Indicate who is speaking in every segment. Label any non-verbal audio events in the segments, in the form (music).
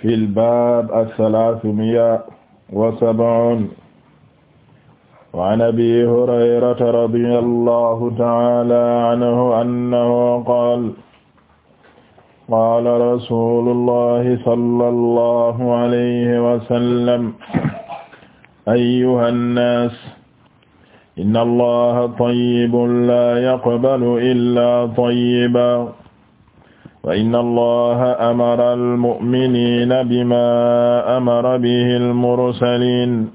Speaker 1: fi lbab althalathumia wa sab'un waan abi hurayrata radiya allahu taala anhu annahu qaala qaala rasulullahi sallallahu alayhi wa sallam ayyuha nnaas inna allaha tayyibun la yaqbalu illa tayyiban wa inna allaha amara almu'minina bima amara bihi almursalin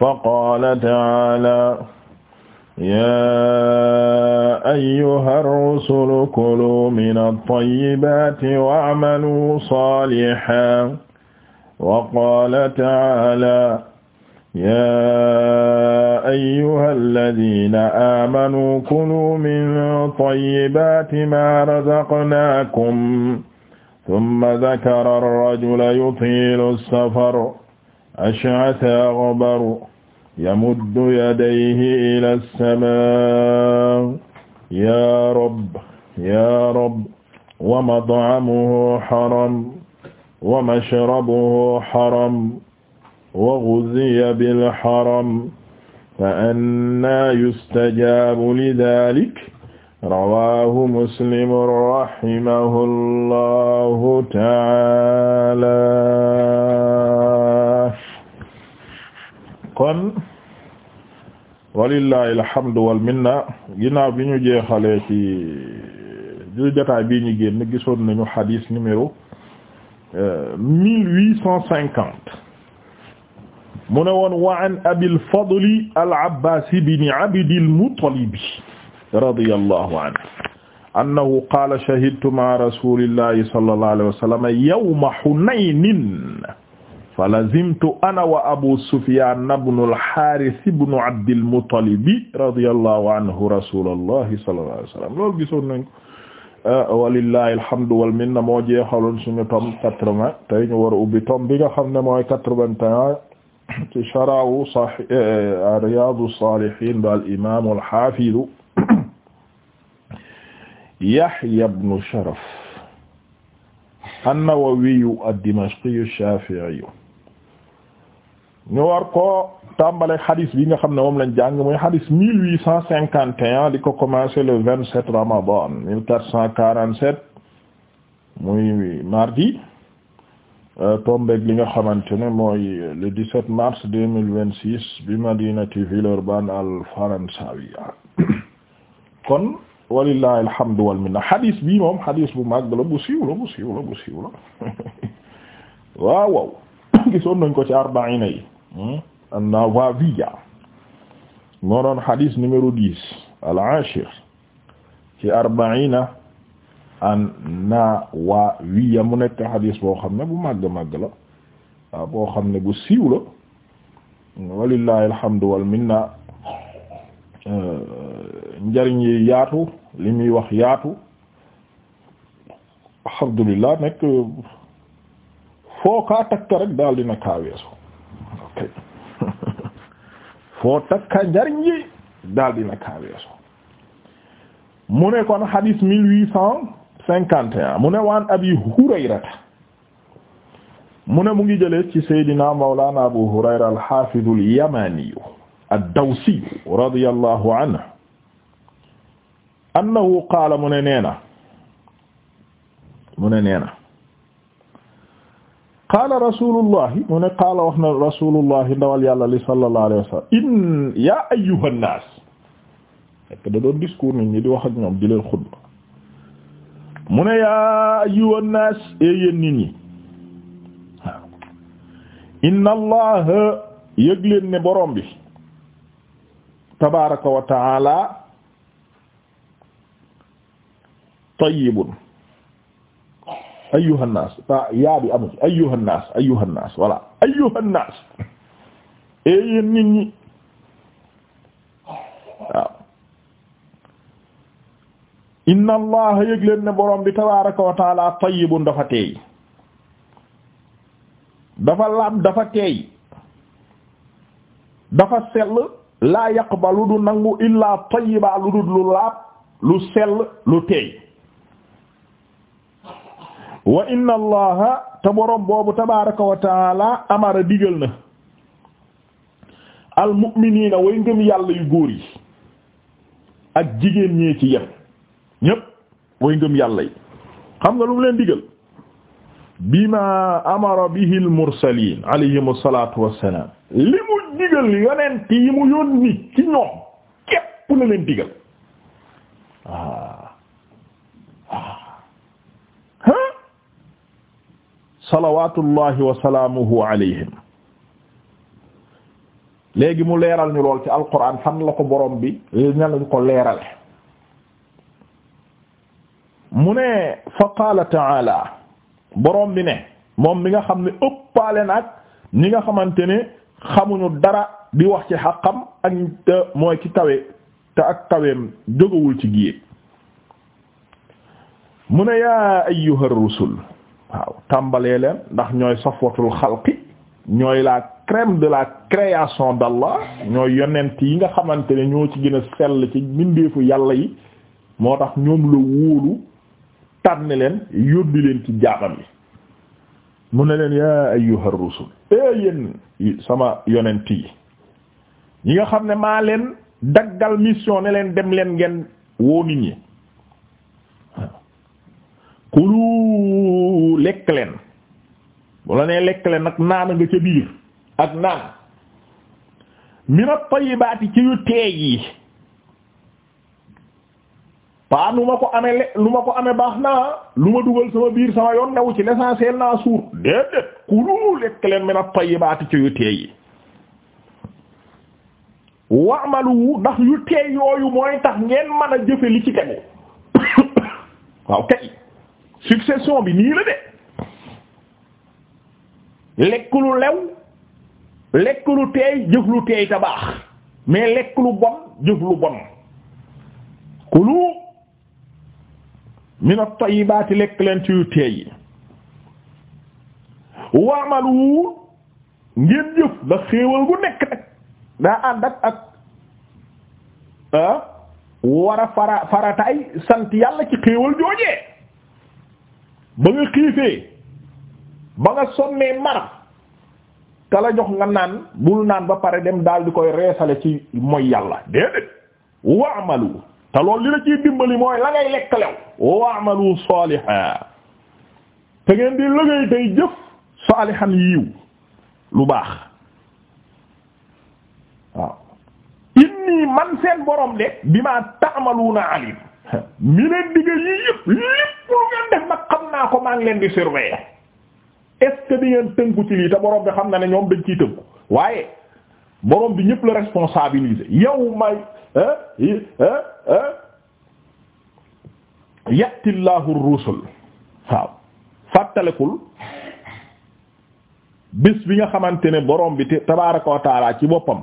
Speaker 1: faqaala ta'aala yaa ayyuha rusulu kuluu mina tayyibaati wa'maluu saalihan wa qaala ta'aala يا أيها الذين آمنوا كلوا من طيبات ما رزقناكم ثم ذكر الرجل يطيل السفر أشعث أغبر يمد يديه إلى السماء يا رب يا رب ومطعمه حرام ومشربه حرام wa ghuziya bil haram fa annaa yustajaabu li daalik rawaahu muslim rahimahullahu taala kon walillahi alhamdu wal minna ginnaaw bi ñu jeexalee ci ju jotaay bii ñu génn gisoon nañu xadiis numéro euh, mille huit cent cinquante mu ne woon wa an abil fadli al abbaas ibn abdil muttalib radiyallahu anhu annahu qaala shahidtu ma'a rasuulillahi sallallahu alayhi wa sallam yawma hunaynin falazimtu ana wa abu sufyaan ibnu al haaris ibnu abdil muttalib radiyallahu anhu rasuulallahi sallallahu alayhi wa sallam loolu gisoon nañ ko uh, walillahi alhamdu wal minna moo jeexaloon suñu tom quatre-vingt tey ñu war a ubbi tom bi nga xam ne mooy quatre-vingt-un ci sharawu sahih eh, eh, Riyadus Salihin ba al imam al hafiz Yahya ibn Sharaf an-Nawawi ad-Dimashqi ash-Shafi'i ñu war ko tàmbale xadis bi nga xam ne moom lañ jàng mooy xadis mille huit cent cinquante et un di ko commencé le vingt sept Ramadan mille quatre cent quarante sept muy mardi Euh, tombeeg li nga xamante ne mooy euh, le 17 mars 2026 bi madinati Villeurbanne al faransawiya (coughs) kon walillahi alhamdu wal minna hadis bi moom hadis bu mag la bu siiw la bu siiw la bu siiw la (laughs) waaw waaw (coughs) gisoon nañ ko ci arbaina yi hmm? an-Nawawiya moo doon hadis numéro 10 al ashir ci arbaina an-Nawawi mu nekk xadis boo xam ne bu màgg màgg la waaw boo xam ne bu siiw la walillahi alhamdu wal minna euh, njariñ yaatu li muy wax yaatu alhamdulillah nekk foo kaa takka rek daal dina kaaweesu ok (laughs) foo takka njariñ yi daal dina kaaweesu mu ne kon hadis mille huit cent cinquante et un mu ne waan abi hurayrata mu ne mu ngi jëlee ci saydina mawlana abu hurayra alxafidu alyamaniyu addawsiyu radiyallahu anhu annahu qaala mu ne neena mu ne neena qaala rasulullahi mu ne qaala wax na rasulullahi ndawal yàlla li sallallahu alayhi wa sallam in ya ayyuha nnaas fekk da doon discours nit ñi di wax ak ñoom di leen xutba mu ne yaa ayyuhan naas e yéen ñi waaw allah yëg ne borom bi tabaaraka wa taala tayyibun ayyuhan naas ta yaa bi amu ci ayyuhan naas ayyuhan naas (laughs) ñi waaw inna allaha yëg ne borom bi tabaraka wa taala tayyibun dafa teey dafa laab dafa teey dafa sell laa yaqbalu du nangu illaa tayyiba lu dul lu laab lu sell lu teey wa inna allaha te borom boobu tabaraka wa taala amara digal na al way ngëm yàlla yu góor yi ak jigéen ñee ci yépp ñépp way ngëm yàlla yi xam nga lu mu leen digal bima amara bihi al mursalin alayhim asalatu wassalam li mu digal yonent yi mu yónni ci ñoom képp la leen digal ah ah salawatullahi wa salaamuhu alayhim léegi mu leeral ñu lool ci alquran fan la ko borom bi ñan lañ ko leeral mu ne fa qaala taala borom bi ne moom mi nga xam ne ëppaale na ñi nga xamante ne xamuñu dara di wax ci xaqam ak te mooy ci tawe te ak kaweem jógawul ci géej mu ne yaa ayyuhar rusul waaw tàmbalee leen ndax ñooy safwatul xalqi ñooy la crème de la création d'Allah ñooy yonent yi nga xamante ne ñoo ci gën a sell ci mbindeefu yàlla yi moo tax ñoom la wóolu tànn leen yóbbi leen ci jaamam yi mu ne leen yaa ayyuha rusul ee yéen sama yonent yi ñi nga xam ne maa leen daggal mission ne leen dem leen ngeen woo nit ñi kulu lekk leen bu la lekk leen nag naan nga ca biir ak naan mina tayyibaati ci yu teey yi pas nu ma ko amee le lu ma ko amee baax naa lu ma dugal sama biir sama yoon newu ci l'essentiel naa suur déedéet kulu lekk leen mina tayyibaati ci yu teey yi ndax yu teey yooyu tax ngeen mën a li ci tegu (coughs) waaw kay succession bi nii la de lekk lu lew lekk lu teey jëf lu teey te baax mais lekk lu bon jëf lu bon kulu min at-tayyibaati lekk leen ci yu teey wa'malu ngeen jëf da xéewal gu nekk nag daa ànd ak ak ah war a fara farataay sant yàlla ci xéewal joojee ba nga xiifee ba nga sonnee mar te la jox nga naan bul naan ba pare dem daal di koy reesale ci mooy yàlla déedéet wa'malu te loolu li la ciy dimbali mooy la ngay lekk lew waamalu saaliha te ngeen di liggéey tey jëf saalihan yiw lu baax waaw inni man seen borom de bima ta'maluna alim mi leen digga yii yëpp lépp lu ngeen def nag xam naa ko maa ngi leen di surveiller est di ngeen tënku ci lii te borom bi xam na ne ñoom dañ ciy tënku waaye borom bi ñëpp la responsabiliser yow may yattillahu rusul waaw fàttalekul bis bi nga xamante ne borom bi tabaaraka wa taala ci boppam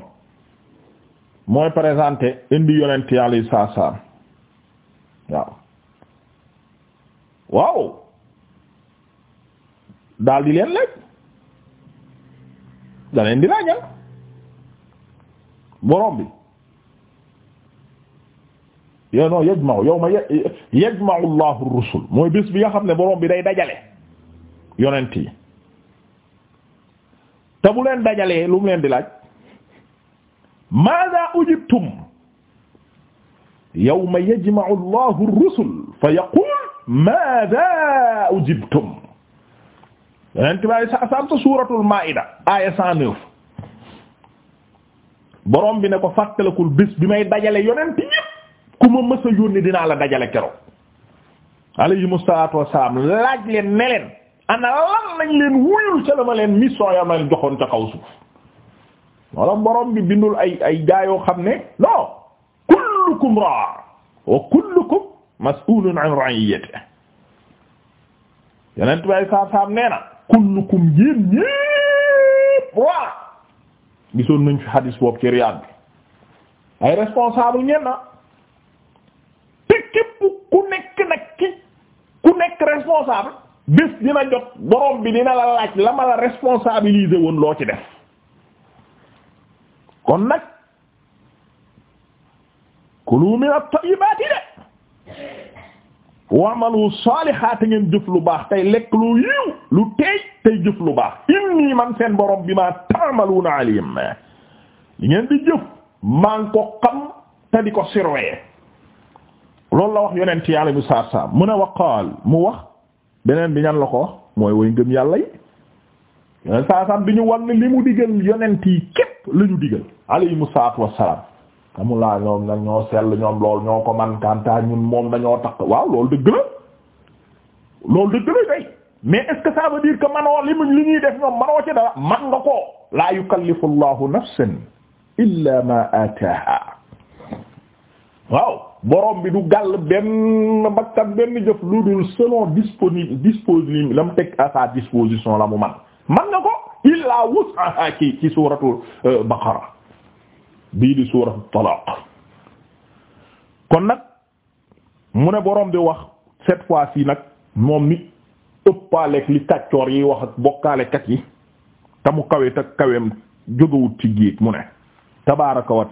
Speaker 1: mooy présenté indi yonent yàlla waaw waaw daal di leen laaj da di laajal borom bi. yo non yajma'u yawma yajma'u Allahu ar-rusul mooy bés bi nga xam ne borom bi day dajale yonent yi te bu leen dajalee lu mu leen di laaj maadha ujibtum yawma yajma'u Allahu ar-rusul fa yaqul maadha ujibtum yonent bi sa sam ta suuratul maa'ida aaya 109 borom bi ne ko fàttalikul bés bi may dajale yonent yi ku ma mës a yónni dinaa la dajale keroog alayhimu salaatu wassalaam laaj leen ne leen ana lan lañ leen wuyul ca leen mission ya ma leen joxoon ca kaw suuf walla bi bindul ay ay gaayoo xam ne non kullukum raa wa kullukum mas'ulun an ra'iyyatihi yeneen tubaab saa saam nee na kullukum yéen ñépp waa gisoon nañ fi hadis boobu ci Riyad bi ay responsable ñenn képp ku nekk nag ci ku nekk responsable bés dina jot borom bi dina la laaj la ma la responsabiliser woon loo ci def kon nag kulu min at-tayyibati de wa'malu salihat ngeen jëf lu baax tey lekk lu yiw lu teey tey jëf lu baax inni man seen borom bi ma ta'maluna alim li ngeen di jëf maa ngi ko xam te di ko surveiller loolu la wax yonent yàlla bi saar saar a wax waqaal mu wax beneen bi ñan la ko wax mooy woy ngëm yàlla yi yonent saar saar bi ñu wan li mu digal yonent yi képp la ñu digal alayhimu salaatu wassalaam amulaa ñoom nag ñoo sell ñoom lool ñoo ko man kantaa ñun moom dañoo takk waaw loolu dëgg la loolu dëgg la day mais est-ce que ça veut manoo li mu li ñuy def ñoom manoo ci dara man nga ko laa yukallifu allahu nafsan illa ma ataaha waaw boroom bi du gàll benn bakkan benn jëf lu dul selon disponible disponible la mu teg à sa disposition la mu man man nga ko illaa wus'aha ci suuratu euh, baqara bii di suuratu talaaq kon nag mu ne boroom di wax cette fois-ci nag moom mi ëppaaleeg li kàccoor yi wax ak bokkaalekat yi te mu kawe te kaweem jógawut ci géej mu ne tabaaraka wa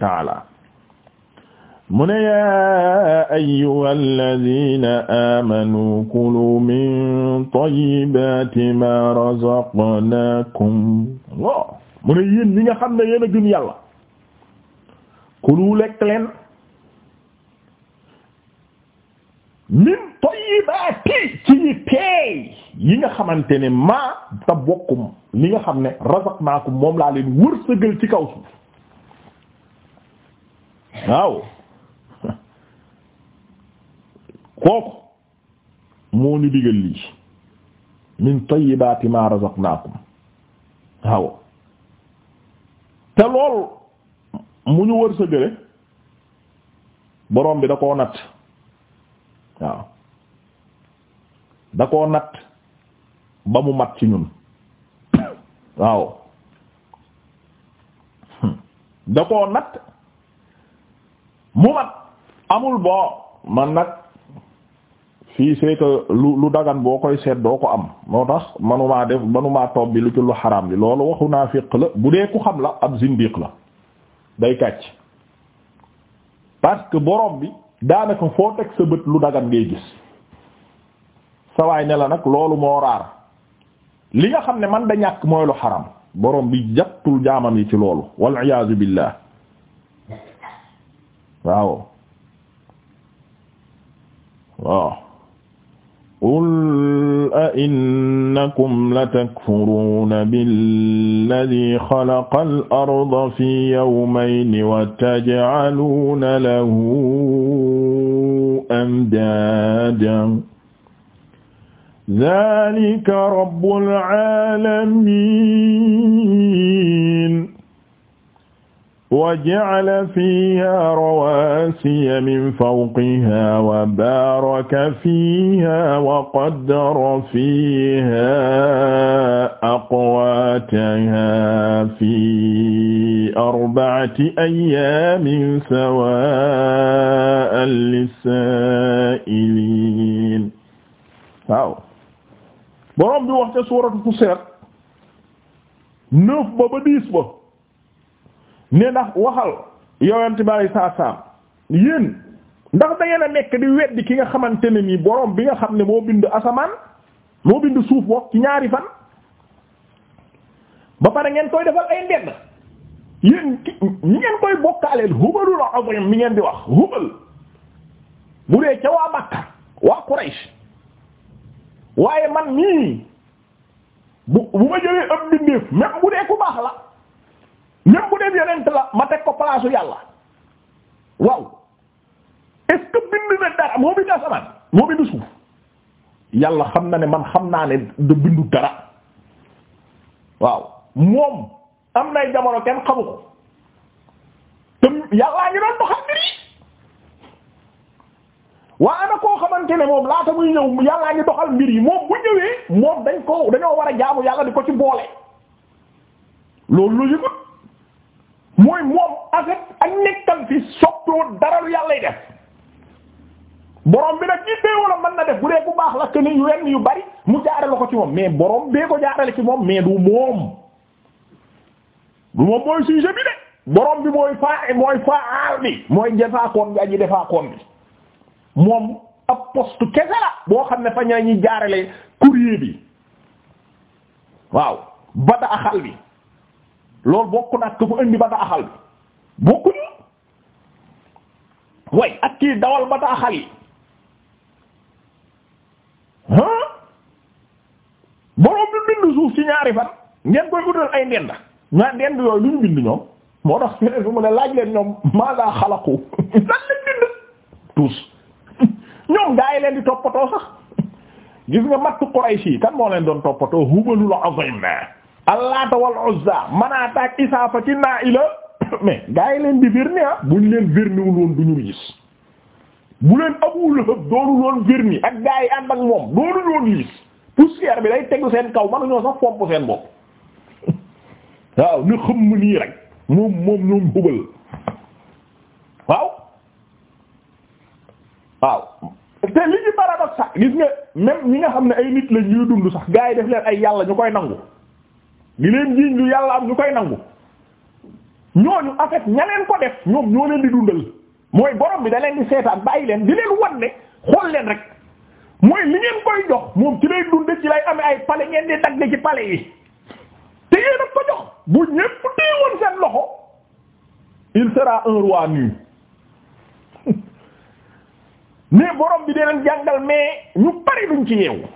Speaker 1: mu ne yaa ayyuha alladina amanu kulu min tayyibati ma razaqnakum lo mu ne yéen ñi nga xam ne yéen a gëm yàlla kulu lekk leen min tayyibati ci yi teey yi nga xamante ne maa ta bokkum li nga xam ne razaqnaakum moom laa leen wërsëgal ci kaw suuf waaw kooku moo ñu digal lii min tayyibati ma razaqnakum waaw te lool mu ñu wër sa gële borom bi da koo natt waaw da koo natt ba mu mat ci ñun waaw da koo natt mu mat amul boo man nag fii c'est lu lu dagan boo koy seet doo ko am moo tax manumaa def manumaa topp bi lu ci lu xaraam li loolu waxu naafiq la bu dee ku xam la ab zindiq la day kàcc parce que borom bi daanaka foo teg sa bët lu dagan ngay gis sawaay ne nag loolu moo raar li nga xam ne man da ñàkk mooy lu xaram borom bi jattul jaamam yi ci loolu wal iyaazu billah waaw qul a innakum latakfuruuna billadii xalaqa al-arda fi yawmayni wa tajcaluuna lahu andaadan zaalika rabbul caalamiin wa ja'ala fiha rawasiya min fawqiha wa baraka fiha wa qaddara fiha aqwataha fi arba'ati ayyamin sawa'an lis-sa'ilin waaw boroom bi wax ca suuratu Fussilat neuf ba ba dix ba ne ndax waxal yowante bari saa saam yéen ndax da ngeen a nekk di weddi ki nga xamante ne nii boroom bi nga xam ne moo bind asamaan moo bind suuf wax ci ñaari fan ba pare ngeen koy defal ay ndend yéen ñi ngeen koy bokkaaleel hubalul azim mi ngeen di wax hubal bu dee ca waa Makka waa Quraysh waaye man nii bu bu ma jëlee am mbindeef même bu dee ku baax la même bu dee yonent la ma teg ko place yàlla waaw est ce que bind na dara moo bind asamaan moo bind suuf yàlla xam na ne man xam naa ne da bindu dara waaw moom am nay jamono kenn xamu ko te yàllaa ngi doxal mbir yi waa ana koo xamante ne moom laata muy ñëw yàllaa ngi doxal mbir yi moom bu ñëwee moom dañ ko dañoo war a jaamu yàlla di ko ci boole loolu lu yëgut mooy moom avec ak nekkal fi soppiwul dara lu yàllay def borom bi nag ñi téewala mën na def bu dee bu baax la que ni yu bari mu jaarale ko ci moom mais borom bee ko jaarale ci moom mais du moom moom mooy sujet bi de borom bi mooy faa mooy faal bi mooy jafaakoon bi aji defaakoon bi moom ab poste kese la boo xam ne fa ña ñuy jaarale courrier bi waaw bada bi lool bokk na ak ku indi ba taaxal bi bokkuñu way ak kii dawal ba taaxal yi ah borom bi bind suuf ci ñaari fan ngeen koy utal ay ndend ñaa ndend yooyu lu ñu bind ñoom moo tax feneen fu mu laaj leen ñoom maagaa xalaku (laughs) lan lañ bind tous (laughs) ñoom gaa leen di toppatoo sax (laughs) gis nga matt Quraysh yi kan moo leen doon toppatoo hubalul azim allaata wal uzza manaata ak isaafa ci naa ila (coughs) mais gaa yi leen di virni ah buñ leen virniwul woon du ñu gis bu leen Abu Lahab doonul woon virni ak gaa yi ànd ak moom doonul woon gis poussière bi day tegu seen kaw mënuñoo sax fomp seen bopp (laughs) waaw ni xëmm nii rek moom moom ñoom hubal waaw waaw te li ci paradoxe sax gis nga même ñi nga xam ne ay nit la ñuy dund sax gaa yi def leen ay yàlla ñu koy nangu di leen jiiñ lu yàlla am ñu koy nangu ñooñu en fait ña leen ko def ñoom ñoo leen di dundal mooy borom bi da leen di seetaan bàyyi leen di leen wan ne xool leen rek mooy li ngeen koy jox moom ci lay dundal ci lay amee ay pale ngeen di dagg ci pale yi te yéen a ko jox bu ñépp téewoon seen loxo il sera un roi nu (laughs) mais borom bi da leen jàngal mais ñu bari duñ ci yeewu.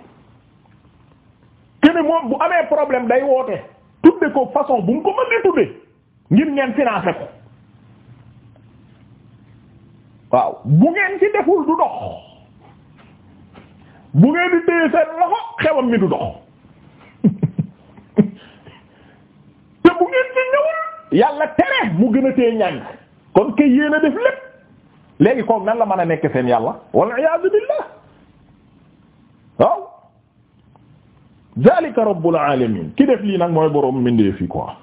Speaker 1: kene moom bu amee problème day woote tudde ko façon bu mu ko mën a tudde ngir ngeen financé ko waaw bu ngeen ci deful du dox bu ngeen di téye seen loxo xewam mi du dox (laughs) te bu ngeen ci ñëwul yàlla tere mu gën a téye ñàng kon kay yéen a def lépp léegi kook nan la mën a nekk seen yàlla wal iyaazu billah zalika rabbul alamin ki def lii nag mooy boroom mindee fi quoi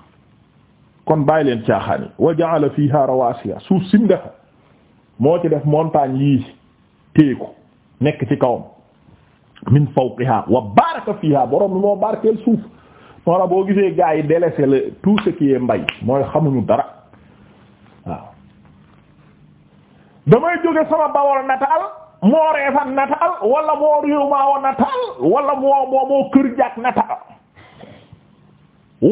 Speaker 1: kon bàyyi leen caaxaan yi wa ja'ala fiha rawasiya suuf sim defa moo ci def montagne yii téeku nekk ci kawam min fawqiha wa baraka fiha boroom bi moo barkeel suuf moo la boo gisee gaa yi délaissé le tout ce qui est mbay mooy xamuñu dara waaw damay jóge sama bawol nataal moo reefan nataal wala moo réew nataal wala moo moo kër jàkk nataal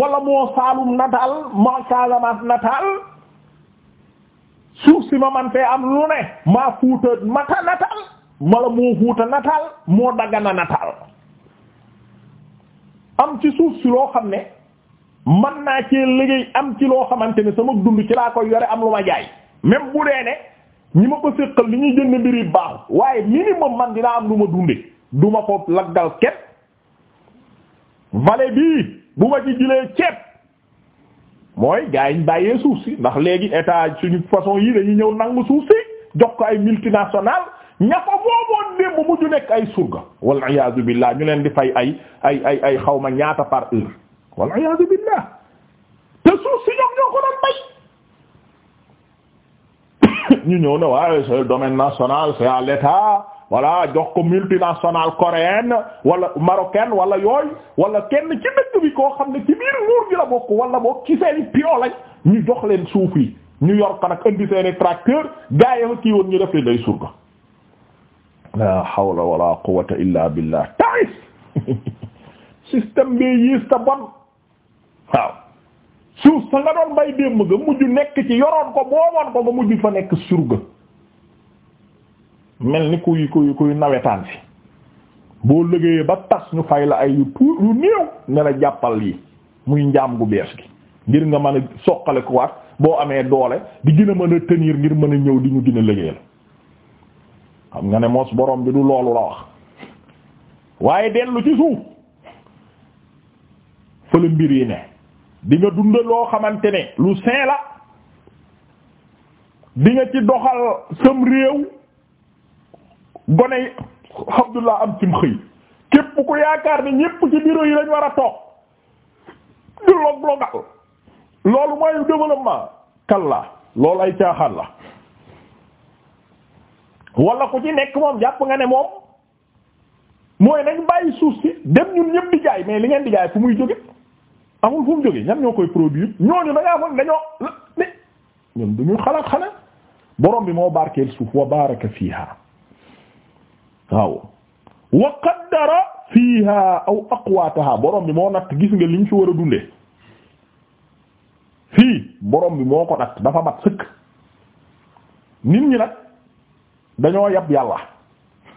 Speaker 1: wala moo saalum nataal maa Casamance nataal suuf si ma man fee am lu ne maa fuuta mata nataal mala moo fuuta nataal moo daggana nataal am ci suuf si loo xam ne man naa cee liggéey am ci loo xamante ne sama dund ci laa koy yore am lu ma jaay même bu dee ne ñi ma ko séqal li ñuy jënd mbir yi baaxul waaye minimum man dinaa am lu ma dunde du ma ko laggal ket vallée bii bu ma ci jëlee ceeb mooy gaa yi ñu bàyyee suuf si ndax léegi état suñu façon yi dañuy ñëw nangu suuf si jox ko ay multinationales ña ko booboon démb mujj nekk ay surga wal iyaazu billah ñu leen di fay ay ay ay ay xawma ñaata par heure wal iyaazu billah te suuf si ñoo ko doon ñu ñëw na waaye c'est domaine national c'est à l'état voilà jox ko multinationale coréenne wala marocaine wala yooyu wala kenn ci dëkk bi koo xam ne ci biir nguur gi la bokk wala bokk ci seeni pion lañ ñu jox leen suuf ñu yor ko nag indi seeni tracteur gaa yi kii woon ñu def leen day surga la hawla wala quwwata illa billah taris (laughs) système bi yiis ta bon waaw suuf sa nga doon bay démb ga mujj nekk ci yoroon ko booboon ko ba mujj fa nekk surga mel ni kuy kuy kuy nawetaan si boo liggéeyee ba tas ñu fay la ay yu tuut yu néew ne la jàppal yi muy njaam gu bees gi ngir nga mën a soqale ku waat boo amee doole di gën a mën a tenir ngir mën a ñëw di ñu gën a liggéeyal xam nga ne mos borom bi du loolu la wax waaye dellu ci suuf fële mbir yi ne di nga dund loo xamante ne lu sain la di nga ci doxal sam réew gone yi la am cim xëy képp ku yaakaar ni ñépp ci bureau yi lañ war a toog du log logal loolu mooy développement kalla loolu ay caaxaan la wala ku ci nekk moom jàpp nga ne moom mooy nañ bàyyi suuf si dem ñun ñépp di mais li ngeen di jaay fu muy jóge amul fu mu jógee ñan ñoo koy produire ñooñu da ngaa foog dañoo ne ñun du ñu xalaat xanaa borom bi moo barkeel suuf wa baraka fiiha waaw wa qaddara fiiha aw aqwaataha borom bi moo natt gis nga liñ fi war a dundee fii boroom bi moo ko natt dafa mat sëkk nit ñi nag dañoo yab yàlla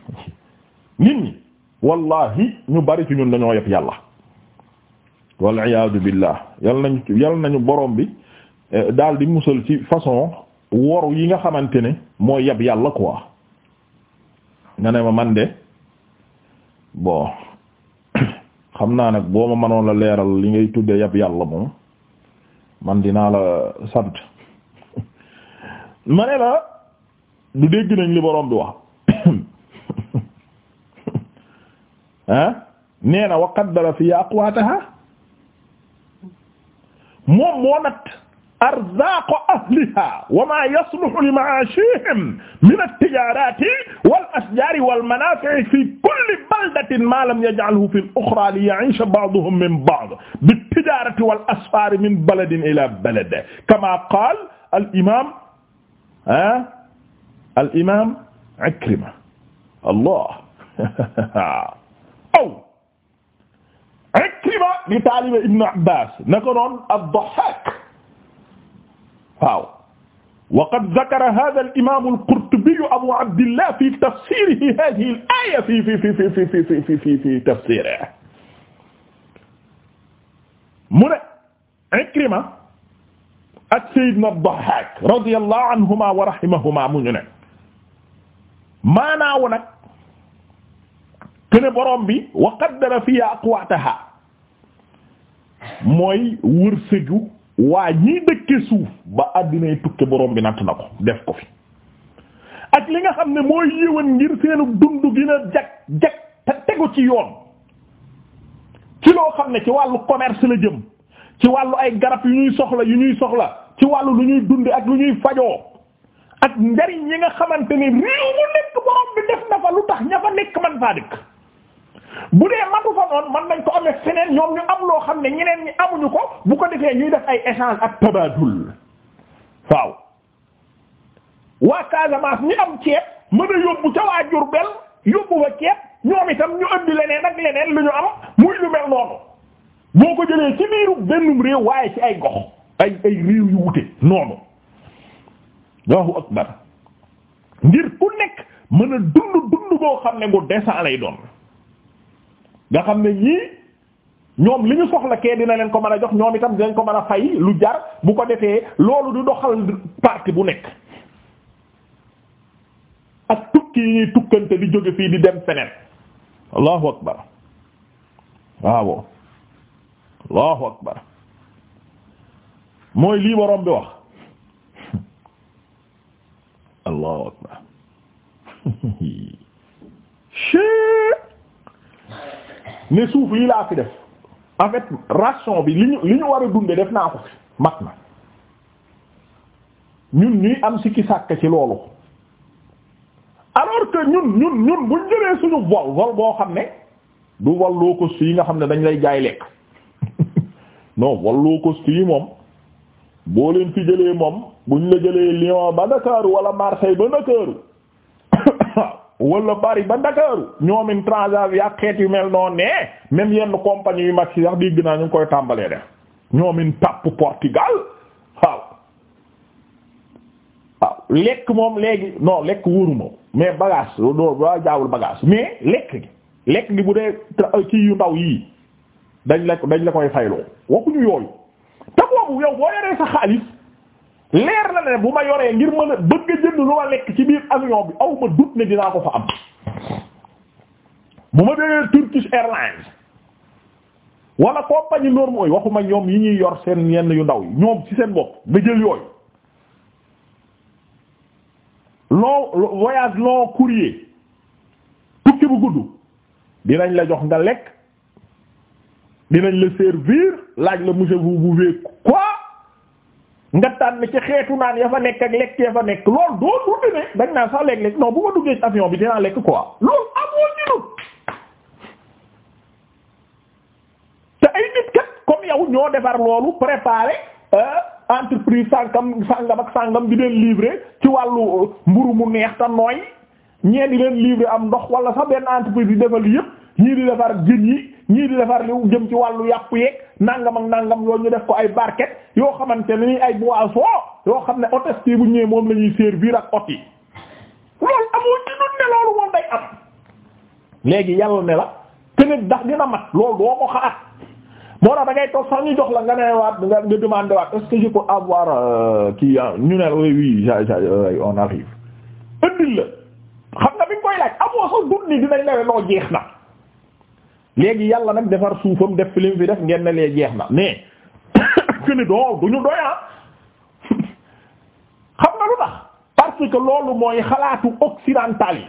Speaker 1: (laughs) nit ñi wallahi ñu bari ci ñun dañoo yab yàlla wal iyaadu billah yal nañu yal nañu borom bi eh, daal di musal ci façon wor yi nga xamante ne mooy yab yàlla ko quoi nga ne ma man de bon (coughs) xam naa nag boo ma mënoon la leeral li ngay tuddee yab yàlla moom man dinaa la sant (laughs) ma ne la du dégg nañ li borom bi wax ah (coughs) nee na wa qaddara fi aqwataha moom moo nat arzaaqu ahliha wa maa yasluhu li ma'aashihim min at-tijaarati wal ashjaari wal manaafi'i fi kulli baldatin maa lam yaj'alhu fil uxraa li ya'iisha ba'duhum min ba'd bit-tijaarati wal asfaari min baladin ilaa balad kamaa qaala al-imaam ah al-imaam Ikrima Allah (laughs) aw Ikrima di taalibe Ibn Abbas na ko noon ad-Dahhak waaw wa qad dhakara hadha al-imam al-Qurtubi Abu Abdillah fi tafsirihi hadhihi al-aya fi fi fi fi fi fi fi fi tafsirihi mu ne Ikrima ak Sayyidna ad-Dahhak radiyallahu anhuma wa rahimahuma mu ñu ne maanaawu nag kene borom bi wa qaddara fiha aqwataha mooy wërsëgu waa ñiy dëkke suuf ba àddinay tukke borom bi natt na ko def ko fi ak li nga xam ne mooy yéwén ngir seenu dund gën a jag jag tegu ci yoon ci loo xam ne ci wàllu commerce la jëm ci wàllu ay garab yu ñuy soxla yu ñuy soxla ci wàllu lu ñuy dunde ak lu ñuy fajoo ak njariñ yi nga xamante ne réew mu nekk borom bi def na fa lu tax ña fa nekk man faa dëkk bu dee matu fa noonu mën nañ ko amee feneen ñoom ñu am loo xam ne ñeneen ñi amuñu ko bu ko defee ñuy def ay échange ak tabadul waaw waa Casamance ñi am ceeb mën a yóbbu ca waa Diourbel yóbbu fa ceeb ñoom itam ñu ëndi leneen ak leneen lu ñu am muy lu mel noonu boo ko jëlee ci biiru bennum réew waaye ci ay gox ay ay réew yu wute noonu Allahu akbar ngir ku nekk mën a dund dund boo xam ne gu décent lay doon nga xam ne ñii ñoom li ñu soxla kee dina leen ko mën a jox ñoom itam dinañ ko mën a fay lu jar bu ko defee loolu du doxal parti bu nekk ak tukki yi ñuy tukkante di jóge fii di dem feneen allahu akbar waaw allahu akbar mooy lii borom bi wax (laughs) allahu akbar (laughs) ne suuf lii laa fi def en fait ration bi li ñu li ñu war a dunde def naa ko fi mat na ñun ñuy am sikki sàkk ci loolu alors que ñun ñun ñun buñ jëlee suñu vol vol boo xam ne du vol low cost yi nga xam ne dañ lay jaay lekk (laughs) non vol low cost yi moom boo leen fi jëlee moom buñ la jëlee Lyon ba Dakar wala Marseille ba Dakar wala bari ba Ndakaaru ñoomin Transavia ak xeet yu mel noonu ne même yenn compagnie yu mag si sax dégg naa ñu ngi koy tàmbalee def ñoomin TAP Portugal waaw waaw lekk moom léegi non lekk wóoruma mais bagage doo daa jaawul bagage mais lekk lekk gi bu dee euh, kii yu ndaw yii dañ la dañ la koy fayloo waxuñu yooyu te boobu yow boo yoree sa xaalis leer na ne bu ma yoree ngir mën bëgg a jënd lu ma lekk ci biir avion bi aw ma dut ne dinaa ko fa am bu ma dee Turkish Airlines wala compagnie normaux waxuma ñoom yi ñuy yor seen yenn yu ndaw yi ñoom ci seen bopp nga jël yooyu long voyage long courrier tukki bu gudd dinañ la jox nga lekk dinañ la servir laaj la monsieur vous buvez quoi nga tànn ci xeetu naan ya fa nekk ak lekk ya fa nekk loolu doo dund ne dañ naan sax léeg-léeg non bu ma duggee ci bi dinaa lekk quoi loolu amoo ñinut te ay nit kat comme yow ñoo defar loolu préparer euh, entreprise sàngam sàngam ak sàngam di leen livrer ci wàllu euh, mburu mu neex te nooy ñeen di leen livrer am ndox wala sax benn entreprise di defal yépp ñii di defar jën yi ñii di defar lu jëm ci wàllu yàpp yeeg nangam ak nangam yoo ñu def ko ay barquette yoo xamante ne ni ay boisson yoo xam ne hôtesse bu ñëwee moom la ñuy servir ak hôtes yi loolu amoo ci dund ne loolu moom day am léegi yàlla ne la te nit ndax dina mat loolu doo ko xalaat moo tax da ngay toog sax ñu jox la nga ne waat nga demandé waat est-ce que avoir euh, kii ah, ñu ne oui oui oui euh, on arrive. ëndil la xam nga bi ñu koy laaj amoo sax dund ni dinañ ne noo jeex na. léegi yàlla nag defar suufam def fi lim fi def ngeen ne lee jeex na mais que (coughs) ni doo du ñu doy ah (coughs) xam nga lu tax parce que loolu mooy xalaatu occidental yi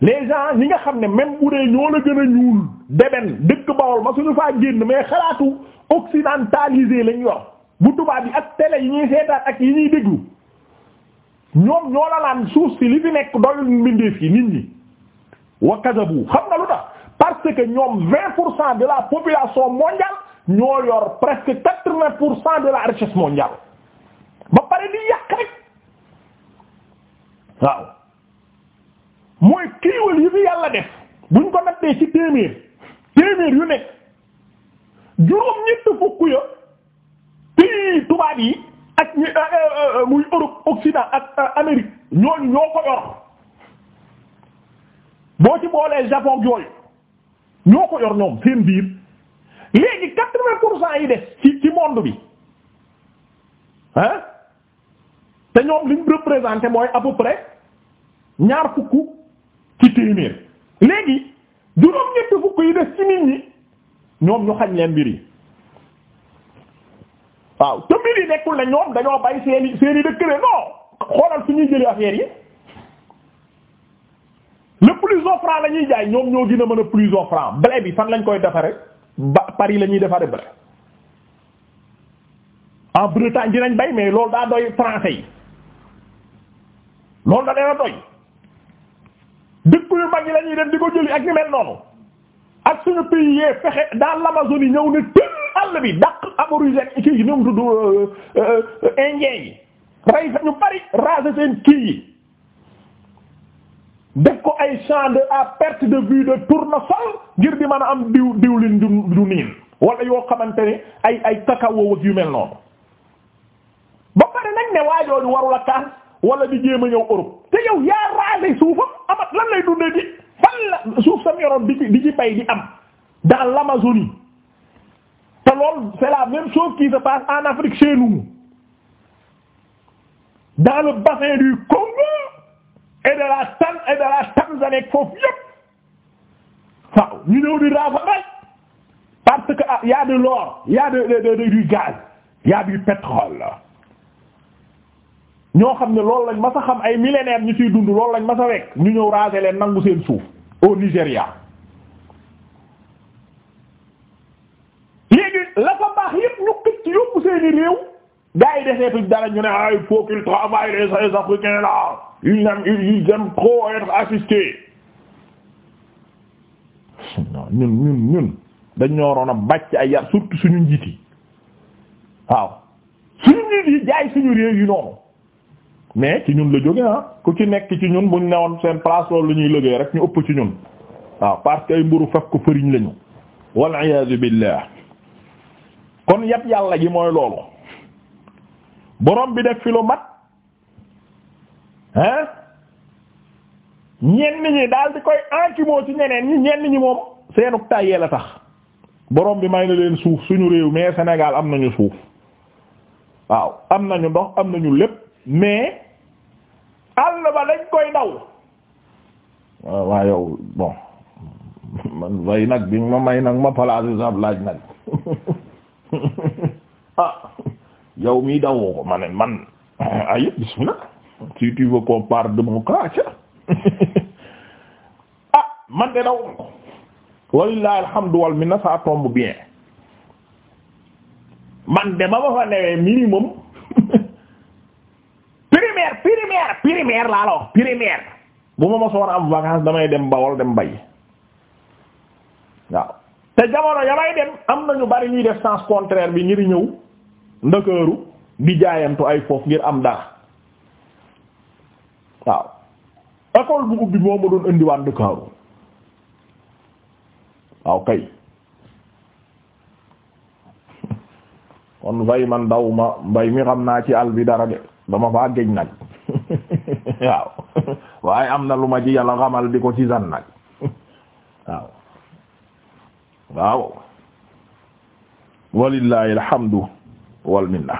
Speaker 1: les li nga xam ne même bu dee ñoo la gën a ñuul deben dëkk Bawol ma suñu faa génn mais xalaatu occidentalisé lañ yor bu tubaab yi ak télé yi ñuy seetaat ak yi ñuy déglu ñoom ñoo la laan suuf si li fi nekk doyul mbindeef yi nit ñi. wa kazabu xam nga lu tax parce que ñoom vingt pour cent de la population mondial ñoo yor presque quatre-vingts pour cent de la richesse mondiale ba pare di yàq rek waaw mooy kiiwal yi fi yàlla def buñ ko nattee ci téeméer téeméer yu nekk juróom ñett fukk ya pays tubaab yi ak euh, euh, euh, muy Europe Occident ak Amérique ñooñu ñoo ko yor boo ci boolee japon yooyu ñoo ko yor ñoom seen biir léegi quatre-vingts pour cent yi des ci monde bi ah te ñoom li ñu représenté mooy à peu près ñaar fukk ci téeméer léegi juróom-ñetti fukk yi des ci nit ñi ñoom ñu xañ leen mbir yi waaw te mbir nekkul ne ñoom dañoo bay seeni seeni dëkk non xoolal fu ñuy jëlee affaire yi. le plus offrant la ñuy jaay ñoom ñoo gën a mën a plus offrant blé bi fan lañ koy defaree ba Paris la ñuy defaree blé en Bretagne dinañ bay mais loolu daa doy français yi loolu da leen a doy dëkk yu mag yi la ñuy di ko jëli ak ñu mel noonu ak suñu pays yee fexe dans l'Amazonie ñëw ne tënk bi dàq aborigène kii yi ñoom tudd euh, euh, indien yi rey fa bari raser seen kii yi def ko ay de à perte de vue de tournesol ngir di mën a am diw diwlin du du niin wala yoo xamante ne ay ay cacao yu mel noonu ba pare nag ne waajooju warul a kaas wala di jéem a ñëw Europe te yow yaa raase suufam amat lan lay dundee di fan la suuf sam yoroon di ci bay di am dans l'Amazonie te loolu c'est la même chose qui se en Afrique chez nous dans bassin du Congo et de la Tan et de la Tanzanie foofu yëpp waaw ñëw di raafa rek parce que ah y a de l'or de de de du gaz y a ñoo xam ne loolu lañ ma a xam ay millénaires ñu ciy dund loolu lañ mës a wekk ñu ñëw raser leen nangu seen suuf au Nigéria. léegi la fa baax yëpp ñu këcc yóbbu seeni réew. gars yi defeetuñ dara ñu ne ay ah, faut qu'il travaille les Africains là ñun ñun ñun dañ ñoo waroon a bàcc ay yar surtout suñu njiit yi waaw suñu njiit yi jaay suñu réew yi noonu mais ci ñun la jóge ah ku ci nekk ci ñun buñ newoon seen place loolu ñuy lëgee rek ñu ëpp ci ñun waaw parce que ay mburu faf ko fëriñ lañu wal iyaazu billah kon yat yàlla ji mooy loolu borom bi def fi lu mat hein ñenn ñi daal di koy encumoo ci ñeneen ñi ñenn ñi moom seenuk tàyyee la tax borom bi may na leen suuf suñu réew mais senegaal am nañu suuf waaw am nañu ndox am na nañu lépp mais àll ba dañ koy daw waaw waa yow bon man way nag bi ma may nag ma place sab laaj nag (laughs) ah. yow mii dawoo ko ma ne man (clears throat) ayib bismillah si tu veux qu'on parle de mon (laughs) ah man de daw ko walillahi alhamdu wal minna ça bien man de ba fa newee minimum (laughs) primaire primaire primaire laa la wax primaire bu ma ma am vacances damay dem Bawol dem bay waaw te jamono ya dem am na ñu bari ñuy def sens contraire bi ngir ñëw ndakaaru di jaayantu ay foofu ngir am dara waaw école bu ubbi moo ma doon indiwaat ndakaaru waaw kay (laughs) kon fay man daw ma mbay mi xam naa ci àll bi dara de dama faa géej nag (laughs) waaw (laughs) waaye am na lu ma ci yàlla xamal di ko ci zan waaw waaw walillahi alhamdu wal minna